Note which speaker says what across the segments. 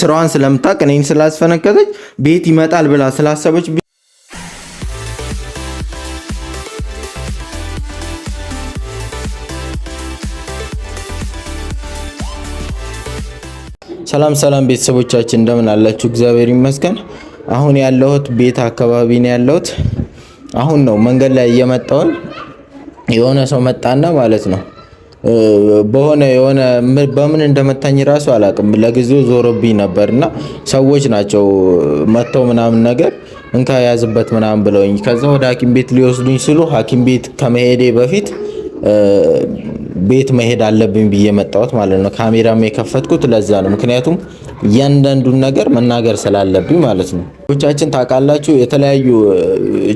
Speaker 1: ስራዋን ስለምታውቅ እኔን ስላስፈነከተች ቤት ይመጣል ብላ ስላሰበች ሰላም ሰላም ቤተሰቦቻችን እንደምን አላችሁ? እግዚአብሔር ይመስገን። አሁን ያለሁት ቤት አካባቢ ነው ያለሁት። አሁን ነው መንገድ ላይ እየመጣውን የሆነ ሰው መጣና ማለት ነው በሆነ የሆነ በምን እንደመታኝ ራሱ አላውቅም። ለጊዜው ዞሮብኝ ነበር እና ሰዎች ናቸው መጥተው ምናምን ነገር እንካ ያዝበት ምናምን ብለውኝ ከዛ ወደ ሐኪም ቤት ሊወስዱኝ ስሉ ሐኪም ቤት ከመሄዴ በፊት ቤት መሄድ አለብኝ ብዬ መጣሁት ማለት ነው። ካሜራም የከፈትኩት ለዛ ነው ምክንያቱም እያንዳንዱን ነገር መናገር ስላለብኝ ማለት ነው። ቻችን ታውቃላችሁ፣ የተለያዩ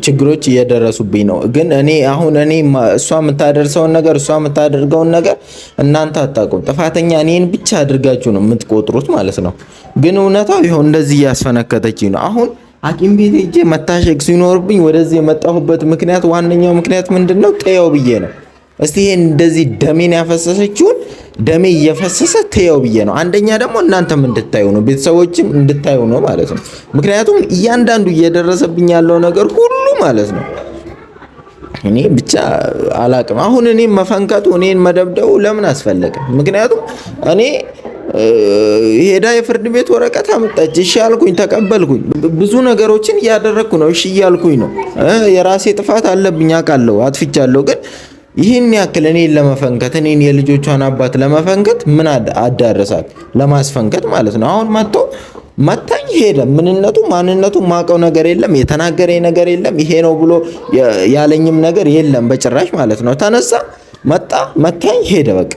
Speaker 1: ችግሮች እየደረሱብኝ ነው። ግን እኔ አሁን እኔ እሷ የምታደርሰውን ነገር እሷ የምታደርገውን ነገር እናንተ አታውቁም። ጥፋተኛ እኔን ብቻ አድርጋችሁ ነው የምትቆጥሩት ማለት ነው። ግን እውነታው ይኸው እንደዚህ እያስፈነከተችኝ ነው። አሁን ሐኪም ቤት ሄጄ መታሸግ ሲኖርብኝ ወደዚህ የመጣሁበት ምክንያት ዋነኛው ምክንያት ምንድን ነው? ጤየው ብዬ ነው እስቲ ይሄን እንደዚህ ደሜን ያፈሰሰችውን ደሜ እየፈሰሰ ትየው ብዬ ነው። አንደኛ ደግሞ እናንተም እንድታዩ ነው፣ ቤተሰቦችም እንድታዩ ነው ማለት ነው። ምክንያቱም እያንዳንዱ እየደረሰብኝ ያለው ነገር ሁሉ ማለት ነው እኔ ብቻ አላቅም። አሁን እኔ መፈንከቱ እኔን መደብደቡ ለምን አስፈለገ? ምክንያቱም እኔ ሄዳ የፍርድ ቤት ወረቀት አመጣች። እሺ አልኩኝ፣ ተቀበልኩኝ። ብዙ ነገሮችን እያደረግኩ ነው፣ እሺ እያልኩኝ ነው። የራሴ ጥፋት አለብኝ አውቃለሁ፣ አጥፍቻለሁ ግን ይህን ያክል እኔን ለመፈንከት እኔን የልጆቿን አባት ለመፈንከት ምን አዳረሳት? ለማስፈንከት ማለት ነው። አሁን መጥቶ መታኝ ሄደ። ምንነቱ ማንነቱ ማቀው ነገር የለም፣ የተናገረኝ ነገር የለም፣ ይሄ ነው ብሎ ያለኝም ነገር የለም በጭራሽ ማለት ነው። ተነሳ፣ መጣ፣ መታኝ ሄደ፣ በቃ።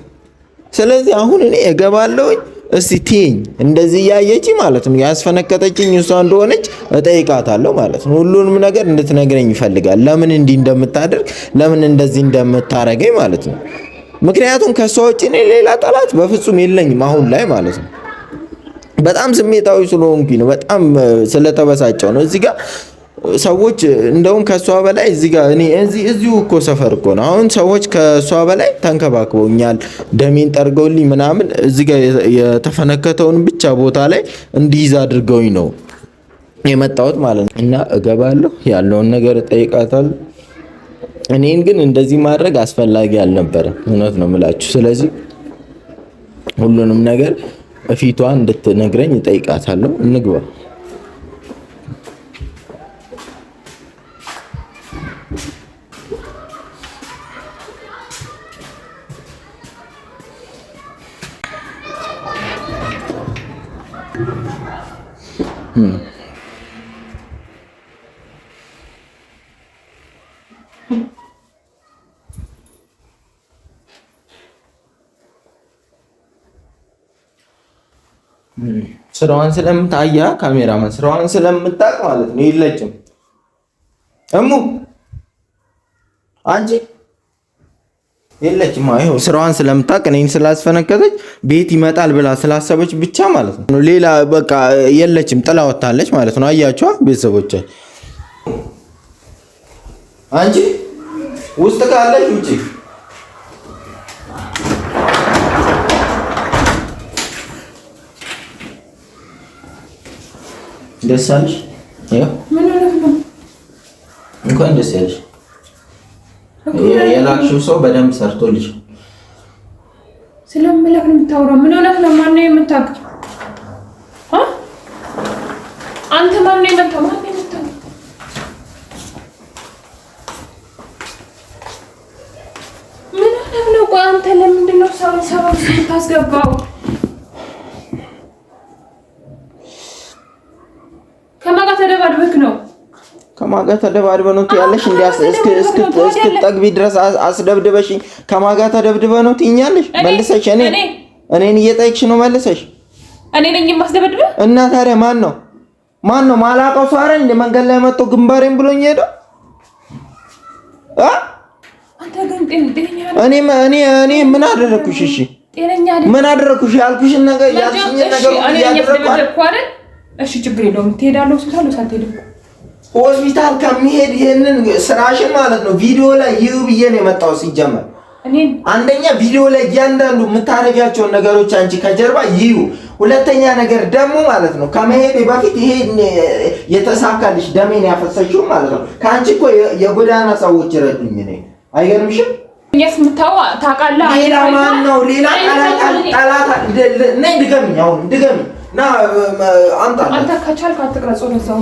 Speaker 1: ስለዚህ አሁን እኔ እገባለሁኝ እስቲ ቲኝ እንደዚህ እያየች ማለት ነው ያስፈነከተችኝ እሷ እንደሆነች እጠይቃታለሁ ማለት ነው። ሁሉንም ነገር እንድትነግረኝ ይፈልጋል። ለምን እንዲህ እንደምታደርግ ለምን እንደዚህ እንደምታረገኝ ማለት ነው። ምክንያቱም ከእሷ ውጭ እኔ ሌላ ጠላት በፍጹም የለኝም አሁን ላይ ማለት ነው። በጣም ስሜታዊ ስለሆንኩኝ ነው። በጣም ስለተበሳጨው ነው እዚህ ጋር ሰዎች እንደውም ከእሷ በላይ እዚህ ጋር እኔ እዚህ እዚሁ እኮ ሰፈር እኮ ነው። አሁን ሰዎች ከእሷ በላይ ተንከባክበውኛል፣ ደሜን ጠርገውልኝ ምናምን እዚህ ጋር የተፈነከተውን ብቻ ቦታ ላይ እንዲይዝ አድርገውኝ ነው የመጣሁት ማለት ነው። እና እገባለሁ ያለውን ነገር እጠይቃታለሁ። እኔን ግን እንደዚህ ማድረግ አስፈላጊ አልነበረም። እውነት ነው የምላችሁ። ስለዚህ ሁሉንም ነገር እፊቷ እንድትነግረኝ እጠይቃታለሁ። እንግባ ስራዋን ስለምታያ ካሜራማን ስራዋን ስለምታውቅ ማለት ነው። የለችም እሙ አንቺ የለችማ አይሆን ስራዋን ስለምታውቅ እኔን ስላስፈነከተች ቤት ይመጣል ብላ ስላሰበች ብቻ ማለት ነው። ሌላ በቃ የለችም፣ ጥላ ወታለች ማለት ነው። አያቸዋ ቤተሰቦቻችን፣ አንቺ ውስጥ ካለች ውጭ ደስ አለሽ፣ እንኳን ደስ ያለሽ የላክሽው ሰው በደንብ ሰርቶልሽ።
Speaker 2: ስለምልህ ነው የምታወራው? ምን ሆነህ ነው? ማን ነው የመታህ አንተ? ማን ነው የመታህ? ማን ነው ምን ሆነህ ነው? ቆይ አንተ ለምንድን ነው ሰው ሰው ታስገባው?
Speaker 1: ከማጋ ተደባድበ ነው ትያለሽ? እንዲ እስክትጠግቢ ድረስ አስደብድበሽኝ ከማጋ ተደብድበ ነው ትኛለሽ? መልሰሽ እኔ እኔን እየጠየቅሽ ነው መልሰሽ።
Speaker 2: እኔ ነኝ የማስደበድበ።
Speaker 1: እና ታዲያ ማን ነው ማን ነው? ማላቀው ሰው አይደል እንደ መንገድ ላይ መጥቶ ግንባሬን ብሎኝ ሄደው እ እኔ እኔ ምን አደረኩሽ? እሺ ምን አደረኩሽ? ያልኩሽን ነገር ያልሽኝ ነገር
Speaker 2: ያደረኩሽ አይደል? እሺ ችግር የለውም ትሄዳለህ ሆስፒታል ሳትሄድ
Speaker 1: ሆስፒታል ከሚሄድ ይሄንን ስራሽን ማለት ነው ቪዲዮ ላይ ይዩ ብዬ ነው የመጣው። ሲጀመር አንደኛ ቪዲዮ ላይ እያንዳንዱ የምታረጊያቸውን ነገሮች አንቺ ከጀርባ ይዩ። ሁለተኛ ነገር ደግሞ ማለት ነው ከመሄድ በፊት ይሄ የተሳካልሽ ደሜን ያፈሰሽው ማለት ነው። ከአንቺ እኮ የጎዳና ሰዎች ረዱኝ ነው። አይገርምሽም?
Speaker 2: የስምታው ታውቃለህ።
Speaker 1: ሌላ ማን ነው? ሌላ ጠላት ጠላት። ድገምኝ፣ አሁን ድገምኝ ና አምጣ።
Speaker 2: አንተ ከቻልክ አትቅረጽ ወደዛው።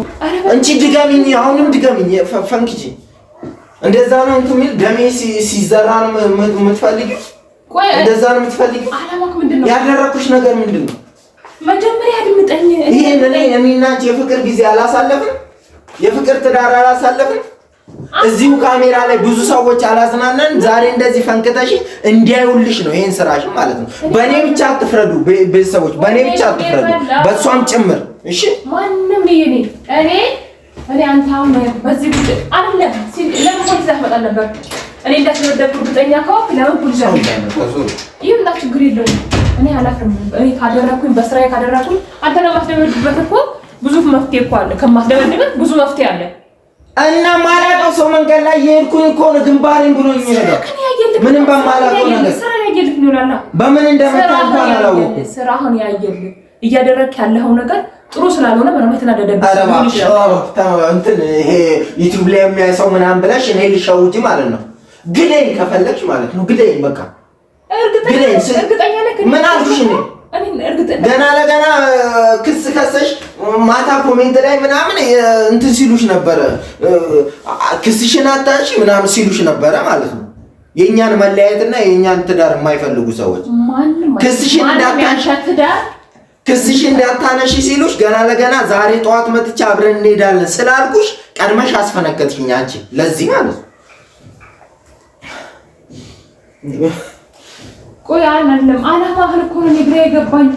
Speaker 1: አንቺ ድጋሚኝ፣ አሁንም ድጋሚኝ። ፈንክጂ እንደዛ ነው እንትን የሚል ደሜ ሲዘራ ነው እንደዛ ነው የምትፈልጊው? ያደረኩሽ ነገር ምንድን ነው?
Speaker 2: መጀመሪያ አድምጠኝ።
Speaker 1: ይሄ እኔ እና አንቺ የፍቅር ጊዜ አላሳለፍን? የፍቅር ትዳር አላሳለፍን? እዚሁ ካሜራ ላይ ብዙ ሰዎች አላዝናናን። ዛሬ እንደዚህ ፈንክተሽ እንዲያዩልሽ ነው ይሄን ስራሽ ማለት ነው። በእኔ ብቻ አትፍረዱ ቤተሰቦች፣ በእኔ ብቻ አትፍረዱ፣ በእሷም ጭምር እሺ።
Speaker 2: ማንም ይሄኔ እኔ እኔ አንተም በዚህ ጉድ አለ ሲል ለምን ዘፈጣ ነበር እኔ እንዳትወደድ እርግጠኛ ከሆንክ ለምን ጉድ ዘፈጣ ነበር። ይሄም እንዳ ችግር የለውም። እኔ አላፍርም። እኔ ካደረኩኝ በስራዬ ካደረኩኝ አንተ ለማስደበድበት እኮ ብዙ መፍትሄ እኮ አለ። ከማስደበድበት ብዙ መፍትሄ አለ
Speaker 1: እና ማላውቀው ሰው መንገድ ላይ የሄድኩኝ እኮ ነው ግንባሬን ብሎ የሚነገር ምንም በማላውቀው ነገር በምን እንደመጣ እንኳን አላወኩም።
Speaker 2: ስራህን ያየልህ እያደረክ ያለኸው ነገር ጥሩ ስላልሆነ ምንም የተናደደብህ
Speaker 1: እንትን ይሄ ዩቲዩብ ላይ የሚያይ ሰው ምናምን ብለሽ እኔ ልሸውጂ ማለት ነው። ግደኝ ከፈለግሽ ማለት ነው። ግደኝ በቃ እርግጠኛ ግደኝ። ምን አልኩሽ? ገና ለገና ክስ ከሰሽ ማታ ኮሜንት ላይ ምናምን እንትን ሲሉሽ ነበረ፣ ክስሽን አታሽ ምናምን ሲሉሽ ነበረ ማለት ነው። የእኛን መለያየትና የእኛን ትዳር የማይፈልጉ ሰዎች ክስሽን እንዳታነሺ ሲሉሽ ገና ለገና ዛሬ ጠዋት መጥቻ አብረን እንሄዳለን ስላልኩሽ ቀድመሽ አስፈነከትሽኝ አንቺ። ለዚህ ማለት ነው።
Speaker 2: ቆይ አላለም አላማ ህልኮን ግራ የገባኝ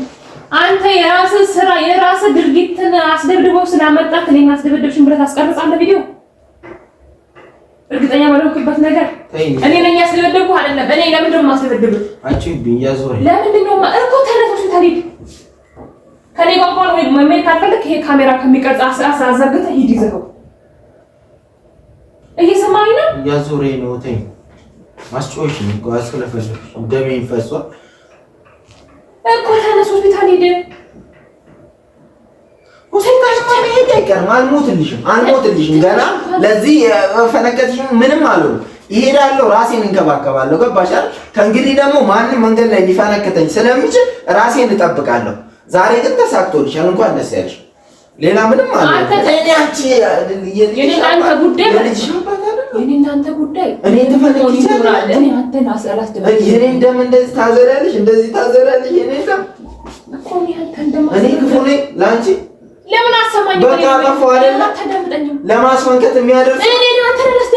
Speaker 2: አንተ የራስህ ስራ የራስ ድርጊትን አስደብድበው ስላመጣክ እኔ ማስደብደብሽን ብረት አስቀርጻለሁ ቪዲዮ እርግጠኛ ባልሆንክበት ነገር እኔ ነኝ ያስደበደብኩህ አይደለም። እኔ ለምንድን ነው የማስደበድብህ? አንቺ ለምንድን ነው እኮ ተነቶች ታዲያ ከኔ ጓጓን ወይ መመኝ ካልፈለክ ይሄ ካሜራ ከሚቀርጽ አዛግተህ ሂድ ይዘኸው። እየሰማኸኝ ነው?
Speaker 1: እያዞረኝ ነው። ተይኝ። ማስጮሽ ነው። ደሜ ይፈሷል
Speaker 2: እኮ ተነስ፣ ሆስፒታል ሄደን
Speaker 1: ሆስፒታል ሄደን አይቀርም። አልሞትልሽም፣ አልሞትልሽም። ገና ለዚህ ፈነከትሽም ምንም አልሆነ ይሄዳለሁ ራሴን እንከባከባለሁ። ገባሽ አይደል? ከእንግዲህ ደግሞ ማንም መንገድ ላይ ሊፈነክተኝ ስለሚችል ራሴን እጠብቃለሁ። ዛሬ ግን ተሳክቶልሻል፣ እንኳን ደስ ያለሽ። ሌላ ምንም አለ
Speaker 2: የእኔ እናንተ ጉዳይ
Speaker 1: እንደም እንደዚህ ታዘሪያለሽ፣ እንደዚህ ታዘሪያለሽ። የእኔ እንደም እኔ ክፉ ነኝ ለአንቺ
Speaker 2: ለምን አሰማኝ?
Speaker 1: በቃ ጠፋሁ አይደለ? ለማስመንከት የሚያደርስ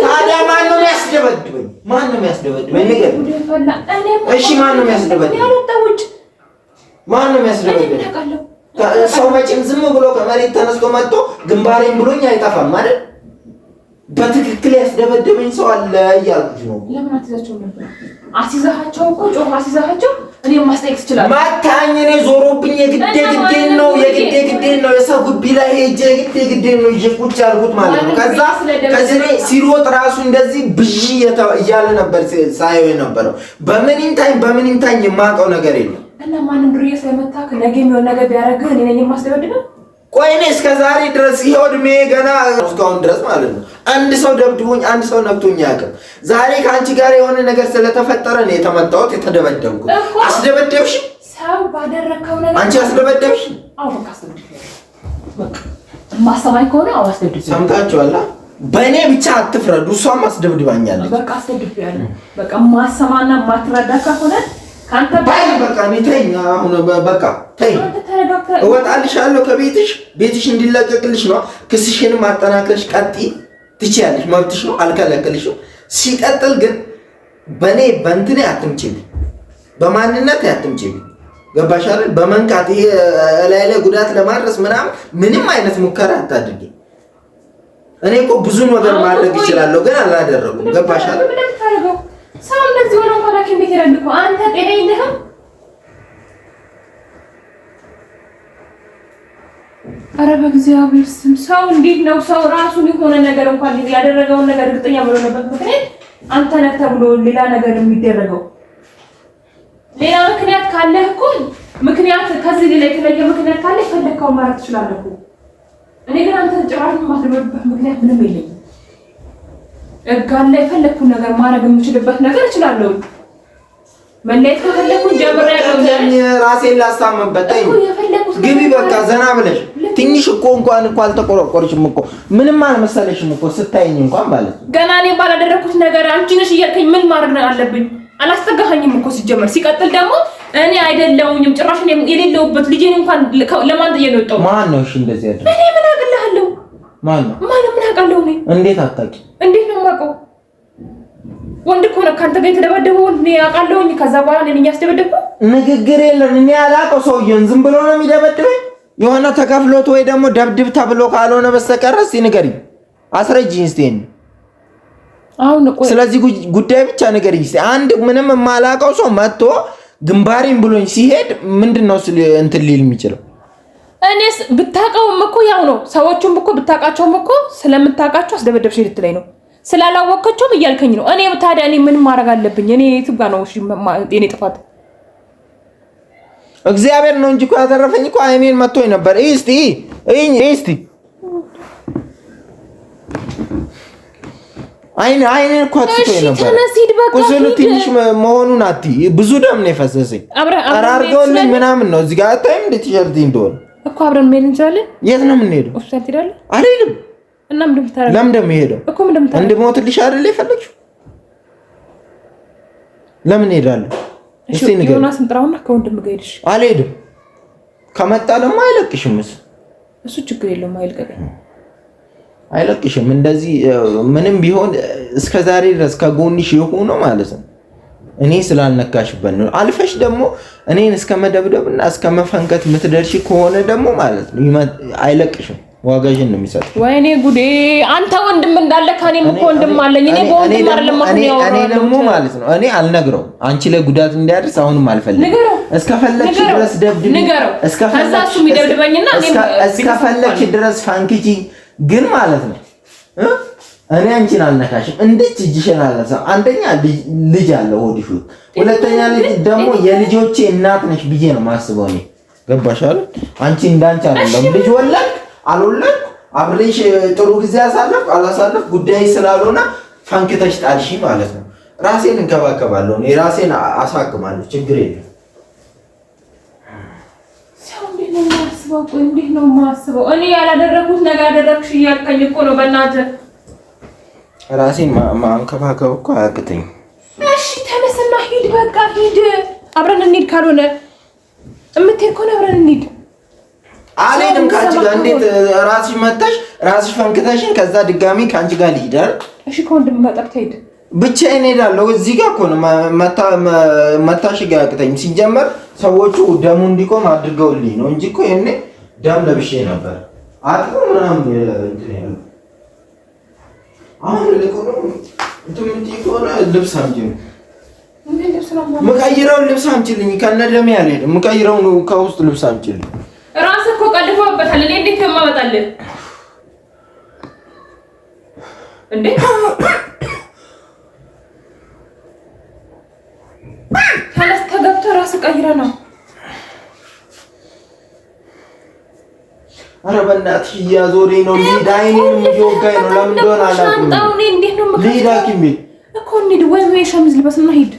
Speaker 1: ታዲያ ማን ነው የሚያስደበድበኝ? ማን ነው የሚያስደበድበኝ? ንገሪኝ። እሺ ማን ነው የሚያስደበድበኝ? ማን ነው የሚያስደበድበኝ? ሰው መቼም ዝም ብሎ ከመሬት ተነስቶ መጥቶ ግንባሬን ብሎኝ አይጠፋም አይደል? በትክክል ያስደበደበኝ ሰው አለ እያልኩሽ ነው።
Speaker 2: ለምን አትይዛቸው ነበር? አስይዛቸው እኮ ጮህ አስይዛቸው። እኔ ማስጠየቅ ትችላለህ።
Speaker 1: ማታኝ እኔ ዞሮብኝ የግዴ ግዴ ነው የግዴ ግዴ ነው የሰው ግቢ ላይ ሄጄ የግዴ ግዴ ነው ይዤ ቁጭ ያልኩት ማለት ነው። ከዛ ከዚህ እኔ ሲሮጥ ራሱ እንደዚህ ብዥ እያለ ነበር ሳይሆን የነበረው በምንም ይምታኝ በምንም ታኝ የማውቀው ነገር የለም።
Speaker 2: እና ማንም ድርዬ ሳይመታክ ነገ የሚሆን ነገር ቢያደርግህ እኔ ነኝ የማስደበድበው
Speaker 1: ቆይ እኔ እስከ ዛሬ ድረስ ይሄ እድሜ ገና እስካሁን ድረስ ማለት ነው አንድ ሰው ደብድቦኝ አንድ ሰው ነክቶኝ አያውቅም። ዛሬ ከአንቺ ጋር የሆነ ነገር ስለተፈጠረ ነው የተመጣሁት፣ የተደበደብኩ። አስደበደብሽ፣
Speaker 2: ሰው ነገር
Speaker 1: አንቺ አስደበደብሽ።
Speaker 2: ማሰማኝ ከሆነ
Speaker 1: ሰምታችኋላ። በእኔ ብቻ አትፍረዱ። እሷም አስደብድባኛለች።
Speaker 2: በቃ አስደብድብ ያለ በቃ ማሰማና ማትረዳ ከሆነ
Speaker 1: ታይ በቃ እኔ ተይኝ፣ አሁን እወጣልሻለሁ ከቤትሽ። ቤትሽ እንዲለቀቅልሽ ነው። ክስሽንም አጠናክረሽ ቀጥይ። ትችያለሽ፣ መብትሽ ነው፣ አልከለክልሽም። ሲቀጥል ግን በእኔ በእንትኔ አትምጪብኝ፣ በማንነት አትምጪብኝ። ገባሽ አይደል? በመንካት ላይ ላይ ጉዳት ለማድረስ ምናምን ምንም አይነት ሙከራ አታድርጊ። እኔ እኮ ብዙ ነገር ማድረግ ይችላለሁ፣ ግን አላደረጉም። ገባሽ አይደል?
Speaker 2: ሰው እንደዚህ ሆኖ እንኳን ሐኪም ቤት ይሄዳል እኮ አንተ ጤና የለህም። ኧረ በእግዚአብሔር ስም ሰው እንዴት ነው ሰው ራሱን የሆነ ነገር እንኳን ያደረገውን ነገር እርግጠኛ ነበር ምክንያት አንተ ነህ ተብሎ ሌላ ነገር የሚደረገው ሌላ ምክንያት ካለህ እኮ ምክንያት ከዚህ ሌላ የተለየ ምክንያት ካለ የፈለግከውን ማለት ትችላለህ እኮ። እኔ ግን አንተ ጭራሽ የማትደበድበት ምክንያት ምንም የለኝም። እርጋን ላይ የፈለግኩን ነገር ማድረግ የምችልበት ነገር እችላለሁ። መለየት ከፈለግኩ ጀምር ራሴን ላስታመምበት ግቢ። በቃ ዘና ብለሽ ትንሽ እኮ እንኳን እኮ አልተቆረቆርሽም እኮ ምንም አልመሰለሽም እኮ ስታይኝ እንኳን ማለት ነው። ገና እኔ ባላደረግኩት ነገር አንቺ ነሽ እያልከኝ ምን ማድረግ አለብኝ? አላስጠጋኸኝም እኮ ሲጀመር። ሲቀጥል ደግሞ እኔ አይደለሁኝም ጭራሽ የሌለውበት ልጄን እንኳን ለማን ጥዬ ነው የወጣሁት? ማን ነው እሺ እንደዚህ ያደረገው? እኔ ምን አግልሃለሁ ማን ነው? ማን ምን አውቃለሁ እኔ። እንዴት አታውቂ? እንዴት ነው የማውቀው? ወንድ እኮ ነው ካንተ ጋር የተደበደበው። እኔ አውቃለሁኝ። ከዛ በኋላ እኔ ንግግር የለም። እኔ አላውቀው ሰውዬውን። ዝም ብሎ ነው የሚደበድበኝ። የሆነ ተከፍሎት ወይ ደግሞ ደብድብ ተብሎ ካልሆነ በስተቀር እስኪ ንገሪኝ፣ አስረጅኝ እስኪ አሁን እኮ ስለዚህ ጉዳይ ብቻ ንገሪኝ እስኪ። አንድ ምንም የማላውቀው ሰው መጥቶ ግንባሬን ብሎኝ ሲሄድ ምንድን ነው እንትን ሊል የሚችለው? እኔስ ብታውቀውም እኮ ያው ነው። ሰዎቹም እኮ ብታውቃቸውም እኮ ስለምታውቃቸው አስደበደብሽ ልትለኝ ነው። ስላላወቀችውም እያልከኝ ነው። እኔ ታዲያ እኔ ምን ማድረግ አለብኝ? እኔ የትጋ ነው እኔ ጥፋት? እግዚአብሔር ነው እንጂ ያተረፈኝ እኮ አይኔን መቶኝ ነበር። እስቲ እስቲ አይኔ አይኔን እኮ አጥቶኝ ነበር። ቁስሉ ትንሽ መሆኑን አትይ። ብዙ ደም ነው የፈሰሰኝ። ጠራርገውልኝ ምናምን ነው እዚህ ጋር አታይም እንደ ቲሸርት እንደሆነ እኮ አብረን መሄድ እንችላለን። የት ነው የምንሄደው? ሆስፒታል ትሄዳለህ? አልሄድም። እና ለምን እንደምሄደው እኮ እንድሞትልሽ አይደለ የፈለግሽው? ለምን እሄዳለሁ? እስቲ ንገሪኝ። ዮናስ እንጥራውና ከወንድም ጋር ሄድሽ። አልሄድም። ከመጣ ደግሞ አይለቅሽም። እሱ ችግር የለውም አይልቀቅም አይለቅሽም። እንደዚህ ምንም ቢሆን እስከ ዛሬ ድረስ ከጎንሽ የሆነው ማለት ነው እኔ ስላልነካሽበት ነው። አልፈሽ ደግሞ እኔን እስከ መደብደብ እና እስከ መፈንከት የምትደርሺ ከሆነ ደግሞ ማለት ነው አይለቅሽም፣ ዋጋሽን ነው የሚሰጥ። ወይኔ ጉዴ! አንተ ወንድም እንዳለ ከእኔም እኮ ወንድም አለኝ። እኔ በወንድም አይደለም እኔ ደግሞ ማለት ነው እኔ አልነግረውም፣ አንቺ ላይ ጉዳት እንዲያደርስ አሁንም አልፈልግም። እስከፈለግሽ ድረስ ደብድቢ፣ እስከፈለግሽ ድረስ ፋንክቺ። ግን ማለት ነው እኔ አንቺን አልነካሽም። እንዴት እጅሽን አላነሳም። አንደኛ ልጅ አለ ሆድሽ፣ ሁለተኛ ልጅ ደግሞ የልጆቼ እናት ነሽ ብዬ ነው ማስበው። እኔ ገባሽ አይደል? አንቺ እንዳንቺ አይደለም። ልጅ ወለድክ አልወለድክ አብሬሽ ጥሩ ጊዜ አሳለፍ አላሳለፍ ጉዳይ ስላልሆነ ፈንክተሽ ጣልሽ ማለት ነው። ራሴን እንከባከባለሁ፣ ራሴን አሳክማለሁ። ችግር የለም። ሰው እንዴት ነው ማስበው? እኔ ያላደረኩት ነገር አደረግሽ እያልከኝ እኮ ነው በእናትህ ራሴን ማንከባከብ እኮ አያቅተኝ። እሺ ተነስና ሂድ፣ በቃ ሂድ፣ አብረን እንሂድ። ካልሆነ እምትሄድ ከሆነ አብረን እንሂድ። አልሄድም ከአንቺ ጋር። እንዴት ራስሽ መጥተሽ ራስሽ ፈንክተሽን ከዛ ድጋሚ ከአንቺ ጋር ልሂድ እሺ ከወንድም መጠብ ትሄድ ብቻዬን እሄዳለሁ። እዚህ ጋር እኮ ነው መታሸግ አያቅተኝም። ሲጀመር ሰዎቹ ደሙ እንዲቆም አድርገውልኝ ነው እንጂ እኮ ይሄኔ ደም ለብሼ ነበር አጥሩ ምናምን ልብስ አምጪ ነው የምቀይረውን ልብስ አምጪልኝ። ከነደሜ አልሄድም። የምቀይረውን ከውስጥ ልብስ አምጪልኝ። ራስ እኮ ቀልፈውበታል። እኔ እንዴት የማመጣልህ እንዴ? ተነስተህ ገብተህ ራስ ቀይረ ነው ኧረ በእናትሽ እያዞረኝ ነው። ልሂድ፣ አይኔን እየወጋኝ ነው። ለምን እንደሆነ አላውቅም። ልሂድ ሐኪሜ እኮ እንሂድ። ወይ ወይ ሸሚዝ ልበስና ሂድ።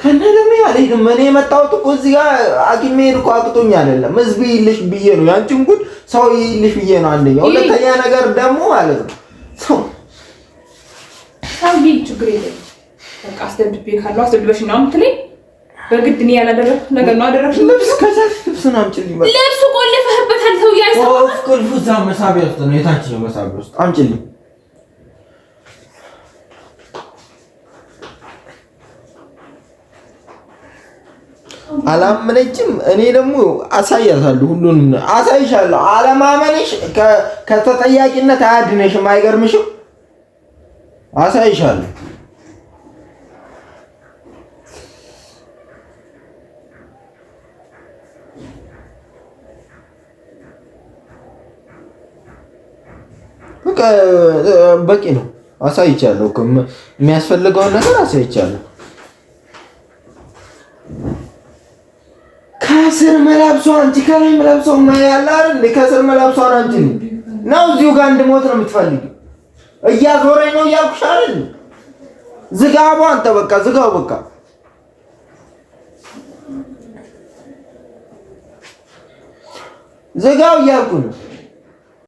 Speaker 2: ከነደም አልሄድም። እኔ የመጣሁት እኮ እዚህ ጋር ሐኪሜ መሄድ እኮ አቅቶኝ አይደለም፣ ህዝብ ይልሽ ብዬ ነው። ያንቺን ጉድ ሰው ይልሽ ብዬ ነው። አንደኛ፣ ሁለተኛ ነገር ደግሞ ማለት ነው ሰው ሰው ችግር የለም። በቃ አስደብድቤ ካለው አስደብድበሽ ነው የምትለኝ በግድ እኔ ያላደረኩት ነገር ነው አደረኩት። ልብስ ከዛፍ ልብሱን አምጪልኝ በቃ። ልብሱ ቆልፈህበታል። ተውዬ አይሰማም። ቁልፉ እዛ መሳቢያ ውስጥ ነው፣ የታችኛው መሳቢያ ውስጥ አምጪልኝ። አላመነችም። እኔ ደግሞ አሳያታለሁ፣ ሁሉን አሳይሻለሁ። አለማመንሽ ከተጠያቂነት አያድነሽም። አይገርምሽም? አሳይሻለሁ በቂ ነው። አሳይቻለሁ እኮ የሚያስፈልገውን ነገር አሳይቻለሁ። ከስር መላብሷ አንቺ ከላይ መላብሷ ያለ አይደል? ከስር መላብሷ አንቺ ነው። እዚሁ ጋር እንድሞት ነው የምትፈልጊው? እያዞረኝ ነው እያልኩሽ አይደል? ዝጋቡ አንተ በቃ ዝጋው በቃ ዝጋው እያልኩ ነው